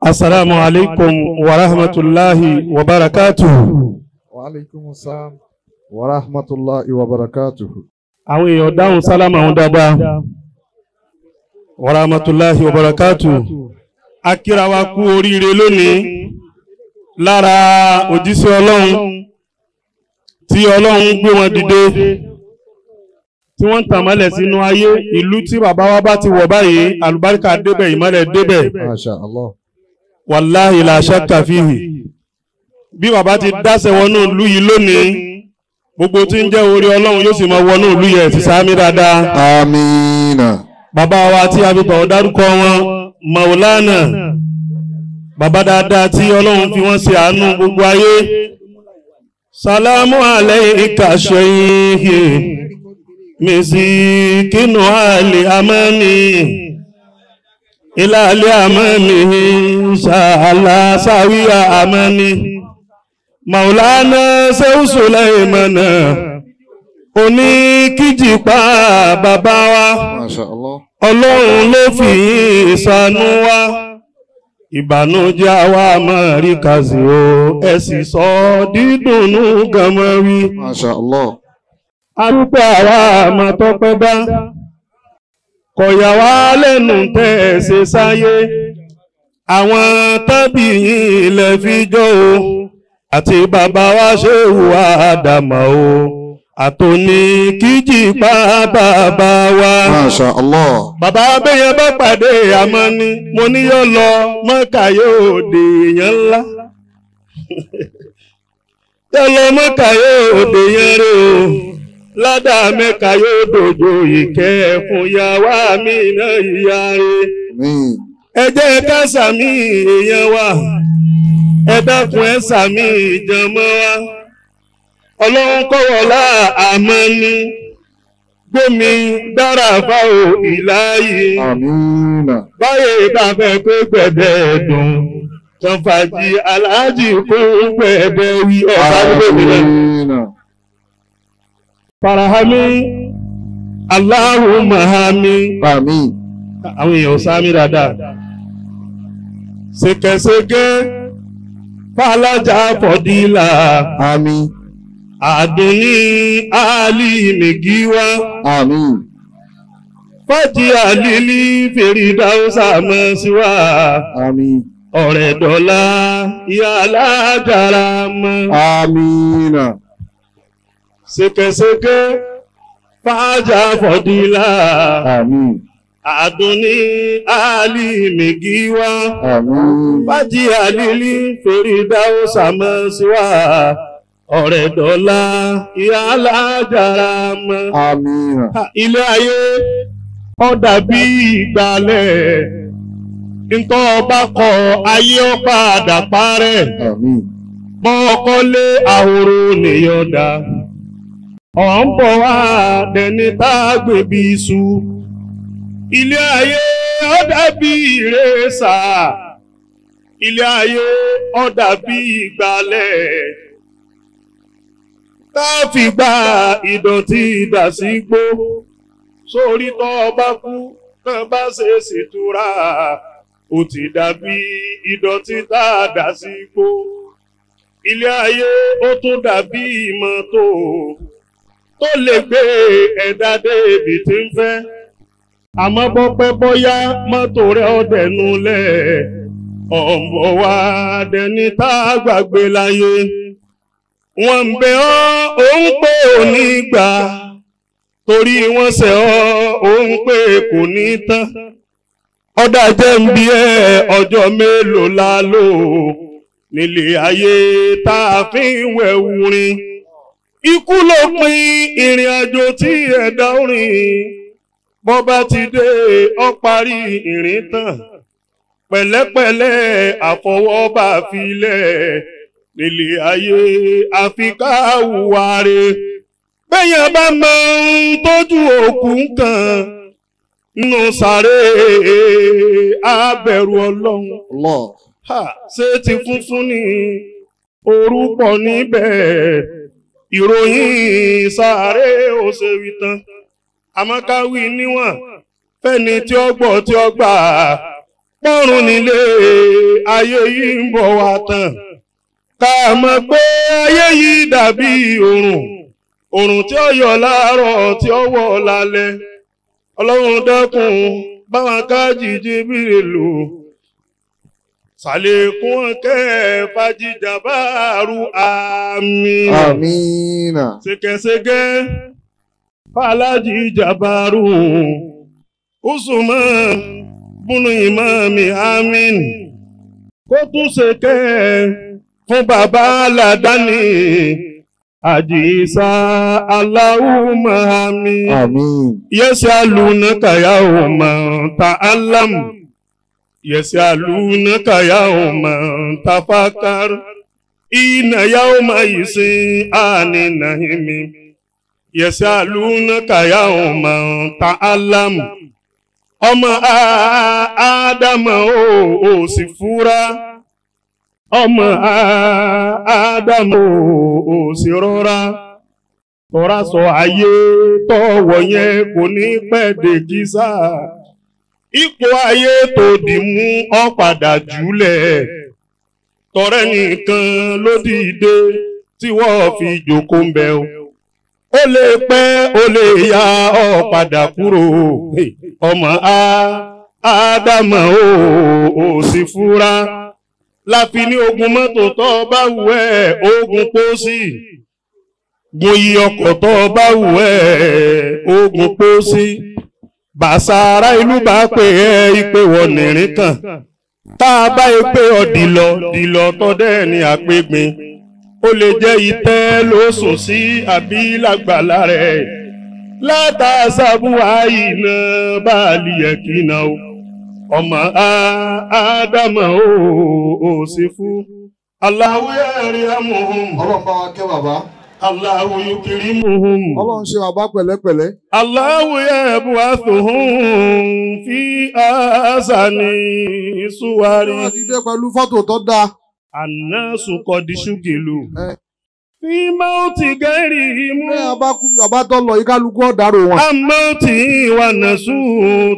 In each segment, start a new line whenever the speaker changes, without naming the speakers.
Assalamu alaikum wa rahmatullahi wa barakatuhu. Wa alaikum salam wa rahmatullahi wa barakatuhu. Àwọn èèyàn dáhùn sálámà wọn dábàá. Wa rahmatullahi wa barakatuhu. Akíra wa kú oríire lónìí lára òjíṣẹ́ Ọlọ́run tí Ọlọ́run gbé wọn dìde tí wọ́n ń tàn mọ́lẹ̀ sínú ayé ìlú tí bàbá wa bá ti wọ̀ báyìí àlùbáríkà débẹ̀ ìmọ́lẹ̀ débẹ̀. Masha Allah wàláhì la ṣàkà fihì bí bàbá ti dáṣẹ wọnú ìlú yìí lónìí gbogbo tí ń jẹ́ orí ọlọ́run yóò sì máa wọnú ìlú yẹn ti sáámi dáadáa. amiina. bàbá wa tí a dárúkọ wọn maulana bàbá dáadáa tí ọlọ́run fi wọ́n ṣe àánú gbogbo ayé salamu alayka sheikh mizikinu ali amani. إلى لأمامه إن sawiya الله Maulana أمامي مولانا سو سليمان oníkìjìpá bàbá wa ọlọ́run ló fi ìsanú wa ìbànújẹ́ àwa máa o ẹ sọ dídùnú gàmọ́ rí. a dúpẹ́ àwa máa tọ́pẹ́ bá kò yà wá lẹ́nu tẹ́ ẹ ṣe sáyé àwọn tábì yìí ilẹ̀ fi jó o àti bàbá wa ṣe hùwà àdàmà o àtòní kíjì pa bàbá wa. Masha Allah. bàbá abẹ́yẹn bá pàdé àmọ́ ni mo ní yóò lọ mọ́kà yóò dèèyàn ńlá yóò lọ mọ́kà yóò dèèyàn rè o. Lada mẹ́ka yóò dojo ìkẹ́ ẹ̀kún ya wá mí iná ìyá rẹ̀. ẹ jẹ́ ká sàmì èèyàn wa ẹ dákun ẹ sàmì ìjànmọ́ wa ọlọ́run kọ́wọ́ láà àmọ́ ni gbómi dára fáwọ ìláyé báyé ìbáfẹ́ pé gbẹ̀dẹ̀ dùn sanfàjì aláàjì kó gbẹ̀dẹ̀ wí ọ̀bá gbẹ̀dẹ̀ farahami Allahumma hami àmín àwọn èèyàn sáámi dáadáa ṣèkẹ̀ṣẹ̀kẹ̀ fàlájà fọ̀dílà àmín àdùnní àálì mègíwá àmín fàjì àlìlí fèrèdáwùsà mọ́ síwá àmín ọ̀rẹ́ dọ́là ìyá alájàrà mọ́. àmín náà. Sekeseke, fájà fọdílà àdùnní àlì mègíwá fájì àlìlí torí dáwó sàmọ́ síwá ọ̀rẹ́ dọ́là ìyá alájàrà mọ́ ilé ayé ó dàbí ìgbàlẹ̀ ntọ́ ọba kọ ayé ó padà parẹ́ bọ́ ọkọ lé àhòrò nìyọ̀dá ọ̀npọ̀ wá dẹni tá a gbèbí iṣu ilé ayé ó dàbí ìrẹsà ilé ayé ó dàbí ìgbálẹ̀ tá a fi gba ìdọ̀tí ìdàsígbó sórí tó bá kú náà bá ṣe ṣètura ó ti dàbí ìdọ̀tí tá a dà sí igbó ilé ayé ó tún dàbí ìmọ́tò. tó lè gbé ẹ̀dá dé ibi tí ń fẹ́. àmọ́ bọ́pẹ́ bọ́yá mọ́tò rẹ̀ ọ̀dẹ̀ nulẹ̀ ọmọ wa dẹni tá a gbàgbé láyé. wọ́n ń bẹ ọ́ òun pé ò ní gbà torí wọ́n ṣẹ̀ ọ́ òun pé kò ní tán. ọ̀dà jẹ́ ń bí ẹ ọjọ́ mélòó la lò nílé ayé tá a fi ń wẹ̀ wurin. ikú ló pin ìrìn àjò tí ẹ̀dá ń rìn bó bá ti dé ó parí ìrìn tán pẹ̀lẹ́pẹ̀lẹ́ àfọwọ́bà filẹ̀ nílé ayé àfikà wùwáre bẹ́yàn bá mọ ohun tójú òkú kan nù sáré abẹ̀rù ọlọ́run ṣé ti funfun ni orúkọ níbẹ̀. ìròyìn sáré ó ṣe wí tán àmọ́ fẹ́ni tí ó gbọ́ tí ó gbà pọ́rùn nílé ayé yìí ń bọ̀ wá tán ká mọ̀ pé ayé yìí dàbí òrùn òrùn tí ó yọ láàárọ̀ tí ó wọ̀ lálẹ́ ọlọ́run dẹ́kun báwọn ká jìjì bírè lò Sàlékún kẹ́ fàjìjàbáàrú àmìnà. Àmìnà. Ṣèkẹ́ṣèkẹ́ fàlájìjàbáàrú Usman bùnú ìmọ̀mí àmìn. Kó tún ṣèkẹ́ fún bàbá Ládàáni àdìsá aláwùmọ̀ àmì. Àmín. Yẹ́sẹ̀ àlùnà kàyà ò ta álámù. يسألونك يوما تفكر إن يوم يسين عن النهم يسألونك يوما تعلم ọmọ ádámà ò sì fura ọmọ ádámà ò sì rọra tọ́ra sọ ayé tọ́wọ̀ yẹn kò ní pẹ́ ipò ayé tó dì mú ọ padà jùlẹ̀ tọrẹ nìkan ló dìde tí wọ́n fi jòkó ń bẹ o ó lè pẹ́ ó lè ya ọ padà kúrò ọmọ a ádámọ̀ o ò sì fura láfi ní ogun mọ́tò tó bá wù ẹ́ ogun pósí gun iye ọkọ̀ tó bá wù ẹ́ ogun pósí bàṣàrà ìlú bá pè é ìpè wọ nìrín kan tá a bá yẹ pé ọ̀dìlọ dìlọ tọ́dẹ́ ni àpégbin ó lè jẹ́ ìtẹ́ ló sùn sí àbí lágbàlá rẹ̀ látàṣàbùwà ìnà báàlì ẹ̀kínà o ọmọ ádámà ó ó sì fún aláwẹ̀ rí amóhùn. ọlọ́pàá kẹ́ bàbá. Allahu yukirimuhum. Ọlọ́run ṣe bàbá pẹ̀lẹ́pẹ̀lẹ́. Allahu yẹ̀bù àtòhún fi àṣà ní ìṣúwárí. Ọlọ́run ti dé pẹ̀lú fọ́tò tó dáa. Àná sùkọ́ di ṣúkìlù. I'm melting wa nasu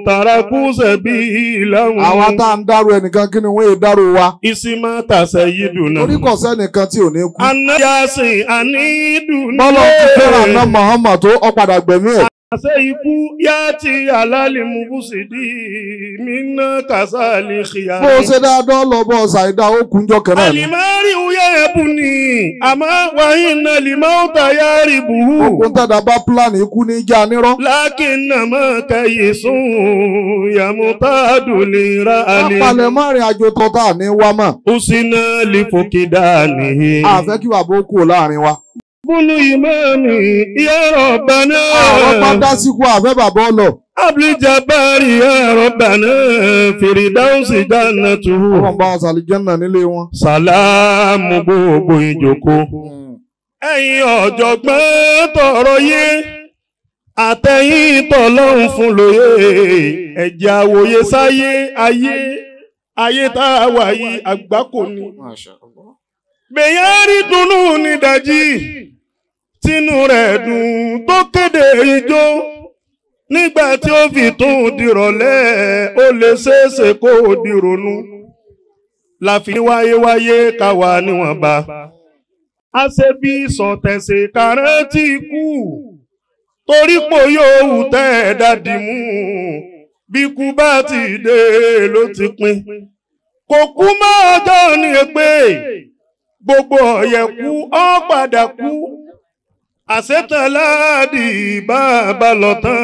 taraku sabila. Àwa tá à ń dárò ẹnìkan kí ni wọ́n yé dárò wa. Isima tasa yiduna. Orí kò sẹ́nìkan tí ò ní kú. Àná yà sìn àní dùn. Bọ́lá ti fẹ́ràn náà Mahama tó ọ̀padà gbẹ̀mí ẹ̀. Àṣẹ ikú yá ti àlálì mú bú sí dí mí ná kàṣà lè ṣìyà. Bó ṣe dáadọ́ lọ bọ́ ṣàìdá ó kún jọ kẹrẹ ni. Àlìmárì wúyẹ́ ẹ̀bù ni, àmọ́ wàyí na lìmọ́ ó ta yá rí bùhù. Ogun tàdá bá pílánì ikú ní ìjà nírọ́. Lákì náà máa kẹyì sùn, ìyàmú tá a dùn lè ra àlè. Apalẹ̀ márìn àjò tọ́ta ní wámà. Ó sì náà lè fòkè dáa nìyí. Àfẹ́ bó kú láàrin wa. Bulu imani ya Rabbana. Àwọn pátá síkú àfẹ́ bàbá ọ̀nà. Abli Jabari ya Rabbana Firidausi jannatu. Wọ́n bá Sàlìjánà nílé wọn. Sàlámù gbogbo ìjókòó. Ẹ̀yin ọ̀jọ̀gbọ́n tọrọ yé. Àtẹ̀yìn tọ̀lọ́hún fún lóye. Ẹ̀jẹ̀ àwòye sáyé ayé. Ayé tá a wà yìí àgbákò ni. Bèyàn rí dunnú dàjí tínú rẹ̀ dùn tó kéde ijó nígbà tí ó fi tún dìrọ̀lẹ́ ó lè ṣeéṣe kó o dìrònú láfi wáyéwáyé ká wà níwọ̀nba a ṣe bí sọ̀tẹ̀sẹ̀ kàrántì kú torí pò yóò wù tẹ́ ẹ̀ dádì mú bí kú bá ti dé ló ti pin kò kú máa jọ ní pé gbogbo ọ̀yẹ̀kú ó padà kú. àṣetànláàdì bá a bá lọ tán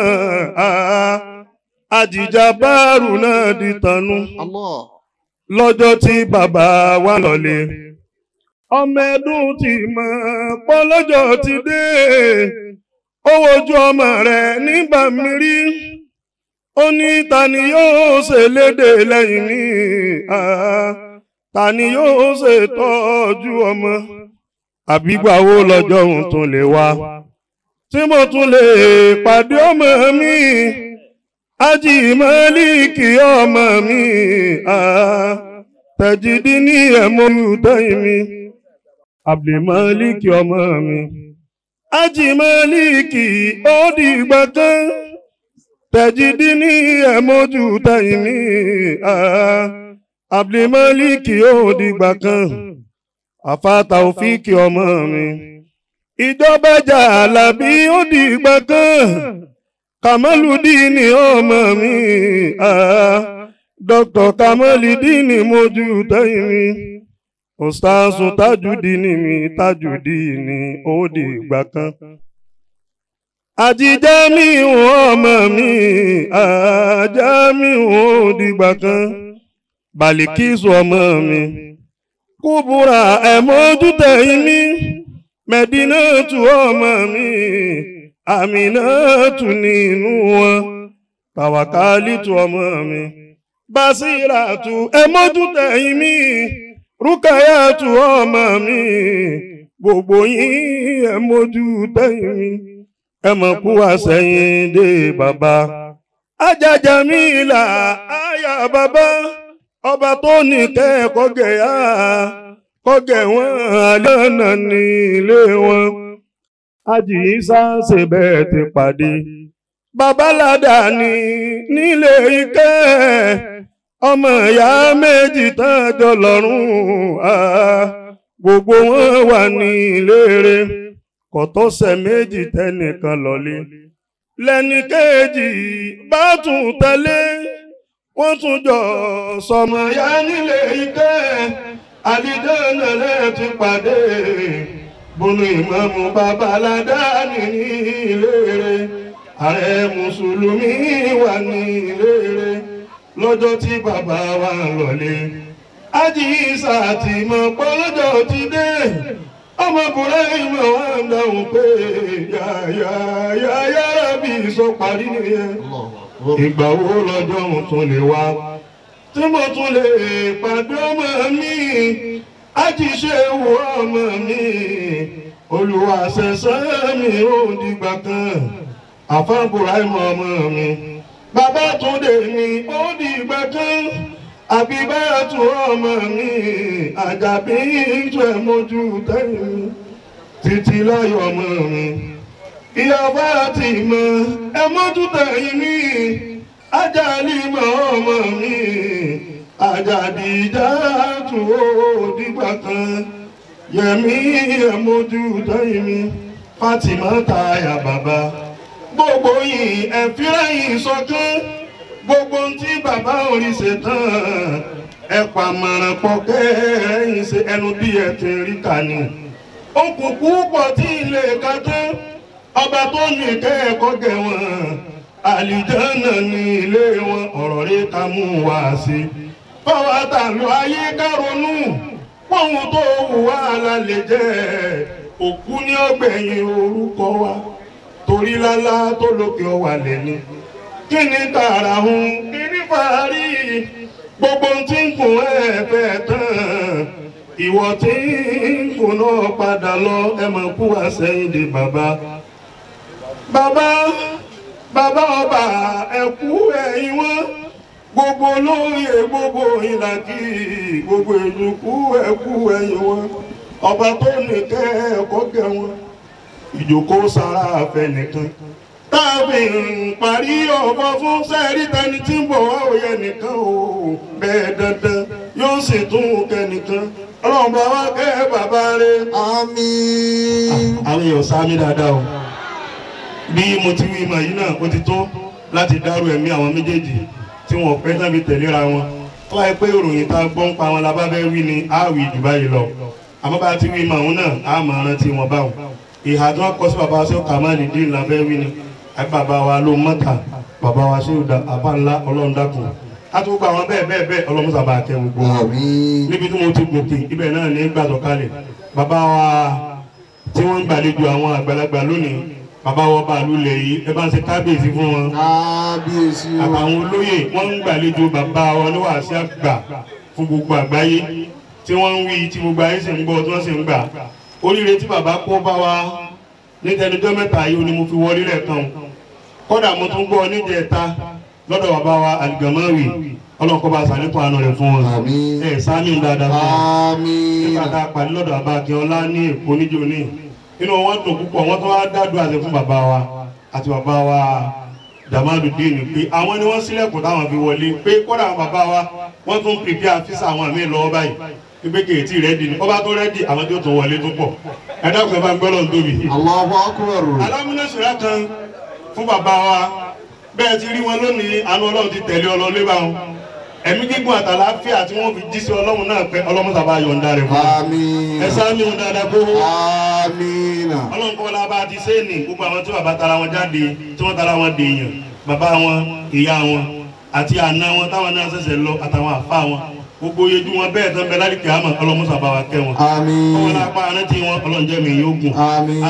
àjìjà báàrù náà di tanu lọ́jọ́ tí baba wa lọ́lẹ̀ ọmọ ẹdún ti ma pọ́ lọ́jọ́ ti de. ó wojú ọmọ rẹ̀ nígbà mírí ó ní ta ni yóò ṣe léde lẹ́yìn mi ta ni yóò ṣe tọ́jú ọmọ. àbígbà wo lọ́jọ́ òun tún lè wá tí mo tún lè pàdé ọmọ mi ájì mọ́líkì ọmọ mi tẹ̀jìdí ní ẹ̀mọ́ ìdẹ́yìn mi àbìlẹ̀ mọ́líkì ọmọ mi ájì mọ́líkì ó dìgbà kan tẹ̀jìdí ní ẹ̀mọ́ ìdẹ́yìn mi àbìlẹ̀ mọ́líkì ó dìgbà kan àfàtà òfíìkì ọmọ mi. ìjọbẹjà alábí ó di ìgbà kan kàmálùdíìnì ọmọ mi. dókítà kàmálùdíìnì mojú tẹ́yìn mi. òṣàṣù tajùdíìnì mi tajùdíìnì ó di ìgbà kan. àjíjá mi ò ọmọ mi àjá mi ò dìgbà kan. bàlìkísù ọmọ mi. mi. Kubura ẹ̀mọ́dútẹ̀ mi mẹ̀dínà tù ọmọ mi àmìnà tù nínú wọn tàwákálì tù ọmọ mi basira tu ẹ̀mọ́dútẹ̀ mi rúkàyà tù ọmọ mi gbogbo yín ẹ̀mọ́dútẹ̀ mi ẹ̀mọ̀ kú àṣẹyìn dé bàbá ajájà mi là áyà bàbá ọba tó ní kẹ́ kọ́gẹ̀ yá kọ́gẹ̀ wọn àlẹ́nà ní ilé wọn Àjìyísá ṣe bẹ́ẹ̀ ti pàdé babalada ní nílé Ìkẹ́ ọmọ ìyá méjì tán jọ lọ́rùn gbogbo wọn wà ní ìlérè kò méjì tẹnìkan lọ́lé lẹ́nìkejì bá tún tẹ̀lé wọ́n tún jọ sọmọ ya nílé Ìtẹ́ àlìdáná rẹ̀ ti pàdé bùnú ìmọ̀mù babaládá ní ilé rẹ̀ ààrẹ mùsùlùmí wà ní ilé rẹ̀ lọ́jọ́ tí bàbá wa ń lọlé ajísà àti ìmọ̀ pọ́lọ́jọ́ ti dé ọmọkùnrin ìmọ̀ wa ń dáhùn pé yáyáyáyá bí sọ parí nìyẹn ìgbà wo lọ́jọ́ mo tún lè wá tí mo tún lè pàdé ọmọ mi àjíṣe wo ọmọ mi olùwà sẹ̀sẹ̀ mi ò dìgbà kan àfáàbùrà ìmọ̀ ọmọ mi bàbá Túndé mi ó dìgbà kan àbíbáyàtú ọmọ mi àjàbí ìjọ ẹ̀mọ́jú tẹ́yìn títí láyọ̀ ọmọ mi ìyàbá àti ìmọ̀ ẹ mójútó ẹ̀yìn mi ajáàlì mọ̀ ọmọ mi àjàdì ìjà tó dìgbà kan yẹ̀mí ẹ mójútó ẹ̀yìn mi Fatima táyà bàbá gbogbo yìí ẹ fírẹ́ yìí sọ́kàn gbogbo ń tí bàbá orí ṣetán ẹ pàmọ̀ràn pọ̀ kẹ́ẹ̀ẹ́yìn ṣe ẹnu bí ẹ ti rí kàní òkùnkùn pọ̀ tí ilé ká tán ọba tó ní kẹ́ẹ̀kọ́ gẹ̀ wọ́n àlìjánà ní ilé wọn ọ̀rọ̀ rí ta mú wá sí. fọwọ́ ta lọ ayé kárọ̀nù fóun tó wù wá lálẹ́ jẹ́ òkú ní ọgbẹ̀yìn orúkọ wa torí lálá tó lókè ọwà lẹ́ni kí ni tààrà hun kí ni fàárí gbogbo tí ń kùn ẹ̀ tán ìwọ tí ń kùn náà padà lọ ẹ mọ̀ bàbá. Baba, baba ọba ẹ̀kú ẹ̀yìn wọn gbogbo olóyè e, gbogbo ìlàjì gbogbo èlùkú ẹ̀kú ẹ̀yìn wọn ọba tó nìkẹ́ ẹ̀kọ́ gẹ̀ wọn ìjòkó sara afẹ́ nìkan táàbì ń parí ọ̀bọ fún sẹ́ẹ̀rí tẹni tí ń bọ̀ wá nìkan o bẹ́ẹ̀ dandan yóò sì tún kẹ nìkan. bá wá kẹ́ bàbá rẹ̀. àmín. àwọn èèyàn sá mi dáadáa o. bí mo ti wí ma yìí náà ó ti tó láti dárú ẹ̀mí àwọn méjèèjì tí wọ́n pẹ́ sábì tẹ̀léra wọn ó wáyé pé ìròyìn tá a gbọ́ ń pa wọn labá fẹ́ wí ni á jù báyìí lọ àmọ́ bá a ti wí ma òun náà á máa rántí wọn báwọn ìhà tí wọ́n kọ sí bàbá sọ kàmáàlì dín la fẹ́ wí ni bàbá wa ló mọ́ta bàbá wa ṣé ìdá àbá ńlá ọlọ́run dákun àtúgbò àwọn bẹ́ẹ̀ bẹ́ẹ̀ bẹ́ẹ̀ ọlọ́run sábà tẹ gbogbo níbi tí mo ti gòkè bàbá bá lu yìí ẹ bá ń ṣe kábíyèsí fún wọn. àtàwọn olóyè wọn ń gbàlejò bàbá wọn ní àgbà fún gbogbo àgbáyé tí wọ́n ń wí tí gbogbo ayé sì ń gbọ́ tí wọ́n sì ń gbà. oríire tí bàbá kó bá wa ní tẹnudọ́ mẹ́ta yìí ni mo fi wọlé lẹ́ẹ̀kan kódà mo tún gbọ́ níjẹta lọ́dọ̀ bàbá wa àlùgàmáwì ọlọ́run bá a sàlékún àánú rẹ̀ fún wọn. ẹ sáà mi ń fún wọn. nípa tá a pàdé lọ́dọ̀ àbá inú wọn dùn púpọ̀ wọ́n tó wá dádùn àṣẹ fún bàbá wa àti bàbá wa dàmádù díìnì pé àwọn ni wọ́n sílẹ̀kùn táwọn fi wọlé pé kódà àwọn bàbá wa wọ́n tún pèpè àfíìsà àwọn míì lọ́wọ́ báyìí pípé kèétí rẹ́dì ni ọba tó rẹ́dì àwọn tó tún wọlé tó pọ̀ ẹ dákun ẹ bá ń gbọ́ lọ́n tóbi. Allahu akbar. alámúnásùrá kan fún bàbá wa bẹ́ẹ̀ ti rí wọn lónìí àánú Ọlọ́run ti tẹ̀lé ọlọ́lé bá ẹ̀mí gígùn àtàlàáfíà tí wọ́n fi jí sí ọlọ́run náà pé ọlọ́run sábà yọ̀ǹda rẹ̀ fún un ẹ sáà ní òun dáadáa kó ọlọ́run kọ́ lábá ti sẹ́ẹ̀nì gbogbo àwọn tí bàbá tara wọn jáde tí wọ́n tara wọn dèèyàn bàbá wọn ìyá wọn àti àna wọn táwọn náà ṣẹ̀ṣẹ̀ lọ àtàwọn àfa wọn gbogbo yejú wọn bẹ́ẹ̀ tán bẹ lálẹ́ kìámà ọlọ́run sábà wa kẹ́ wọn ọwọ́ lápá arántí wọn ọlọ́run jẹ́ mi yóò gùn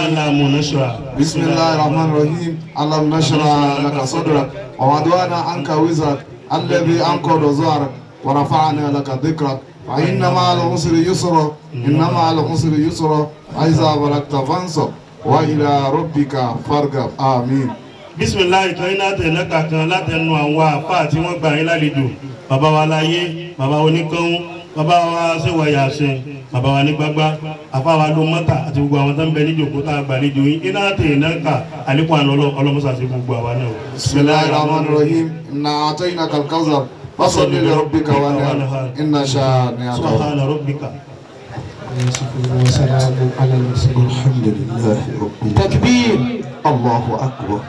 alamu nashra. bisimilahi rahman rahim alamu nashra lakasadura ọ̀wádùn anka wizard. الذي أنقض ظهرك ورفعنا لك ذكرك فإن مع العسر يسرا إن مع العسر يسرا فإذا بلغت فانصب وإلى ربك فارغب آمين bisimilayi tó iná tẹ̀lé kankan látẹnu àwọn àfa tí wọ́n gbà yín lálejò bàbá wa láyé bàbá oníkanwó bàbá wa ṣèwà yàsìn bàbá wa ní gbagba afa wa ló mọ́ta àti gbogbo àwọn tó ń bẹ ní jòkó tá a gbà ní jòyìn iná tè iná kà àlékún àná ọlọ́mọsà sí gbogbo àwa náà. bisimilayi rahman rahim na atayina kalkaza fasalli li rabbika wa ni inna shani'aka. subhana rabbika. alhamdulilayi rabbil takbir allahu akbar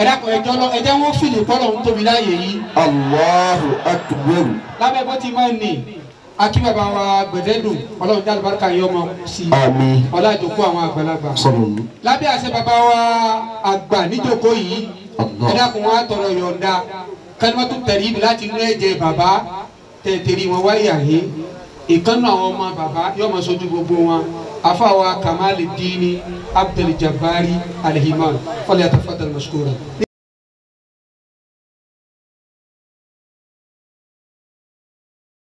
ẹ̀dàkọ̀ ẹjọ́ lọ ẹjẹ́ wọn fìlè fọlọ́run tóbi láàyè yìí. Allahu akbar. lábẹ́ bó ti máa ń nì akíbàbà wa gbẹdẹdùn Ọlọ́run dá àlùbáríkà yọ ọmọ sí i àmín ọlájòkó àwọn àgbàlagbà lábẹ́ àṣẹ bàbá wa àgbà níjòkó yìí ẹ̀dá kò wọ́n á tọrọ yọ̀ǹda kẹ́nìmọ́tò tẹ̀lé ibi láti inú ẹ̀jẹ̀ bàbá tẹ̀tẹ̀rì wọn wáyà yé ìkànnì àwọn ọmọ bàbá yóò máa sojú gbogbo wọn afáwa Kamalidini Abdul Jabari Alhiman fọlẹ́ àtàfàtà lọ́sùkúrà.